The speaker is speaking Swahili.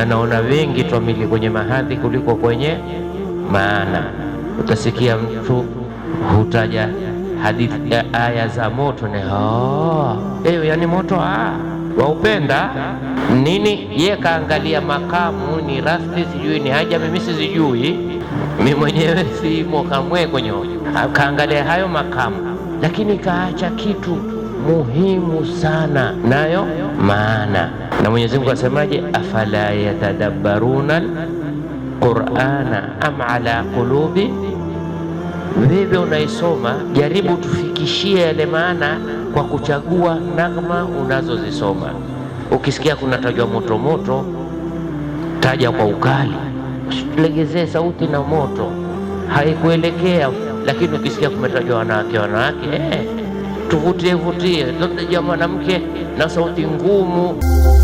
na naona wengi twamili kwenye mahadhi kuliko kwenye maana. Utasikia mtu hutaja hadithi ya aya za moto ni oh, eyo yani moto ah, waupenda nini? Ye kaangalia makamu ni rafti sijui ni haja, mimi sizijui, mi mwenyewe simo kamwe kwenye hoja. Kaangalia hayo makamu, lakini kaacha kitu muhimu sana, nayo maana na Mwenyezi Mungu asemaje? afala yatadabbaruna Qur'ana am ala qulubi. Wewe unaisoma, jaribu tufikishie yale maana kwa kuchagua nagma unazozisoma. Ukisikia kunatajwa moto moto, taja kwa ukali, legezee sauti na moto, haikuelekea. Lakini ukisikia kumetajwa wanawake, wanawake eh, tuvutie vutie, tutajia mwanamke na sauti ngumu.